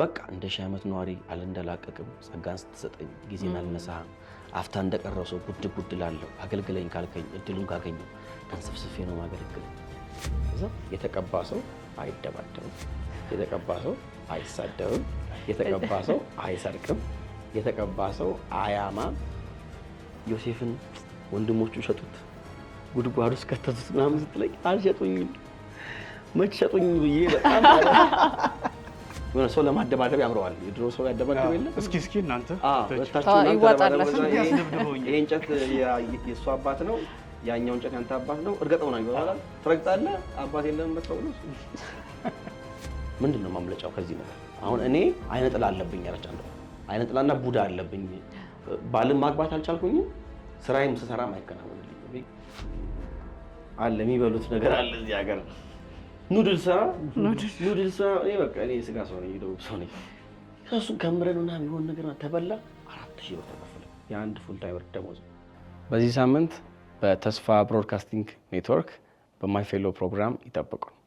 በቃ እንደ ሺህ ዓመት ነዋሪ አልንደላቀቅም። ጸጋን ስትሰጠኝ ጊዜን አልነሳህም። አፍታ እንደቀረው ሰው ጉድ ጉድ ላለው አገልግለኝ ካልከኝ እድሉን ካገኘ ተንሰፍስፌ ነው ማገልግለኝ። እዛ የተቀባ ሰው አይደባደብም፣ የተቀባ ሰው አይሳደብም፣ የተቀባ ሰው አይሰርቅም፣ የተቀባ ሰው አያማም። ዮሴፍን ወንድሞቹ ሸጡት፣ ጉድጓድ ውስጥ ከተቱት ምናምን ስትለኝ አልሸጡኝም፣ መች ሸጡኝ ብዬ በጣም የሆነ ሰው ለማደባደብ ያምረዋል። የድሮ ሰው ያደባደብ የለም። እስኪ እስኪ እናንተ እንጨት የእሱ አባት ነው፣ ያኛው እንጨት ያንተ አባት ነው። እርገጠው ነው ይባላል። ትረግጣለህ። አባት የለም መጥተው ነው። ምንድን ነው ማምለጫው ከዚህ ነገር? አሁን እኔ አይነ ጥላ አለብኝ አለች አንዷ። አይነ ጥላና ቡዳ አለብኝ። ባልም ማግባት አልቻልኩኝም፣ ስራዬም ስሰራም አይከናወንልኝም። አለ የሚበሉት ነገር አለ እዚህ ሀገር ኑድልስ ኑድልስ eh, በቃ እኔ ስጋ ሰው ነኝ፣ ደቡብ ሰው ነኝ። እሱን ከምረን ምናምን የሆነ ነገር ተበላ። አራት ሺህ ብር ተከፈለ፣ የአንድ ፉል ታይመር ደሞዝ። በዚህ ሳምንት በተስፋ ብሮድካስቲንግ ኔትወርክ በማይፌሎ ፕሮግራም ይጠብቁን።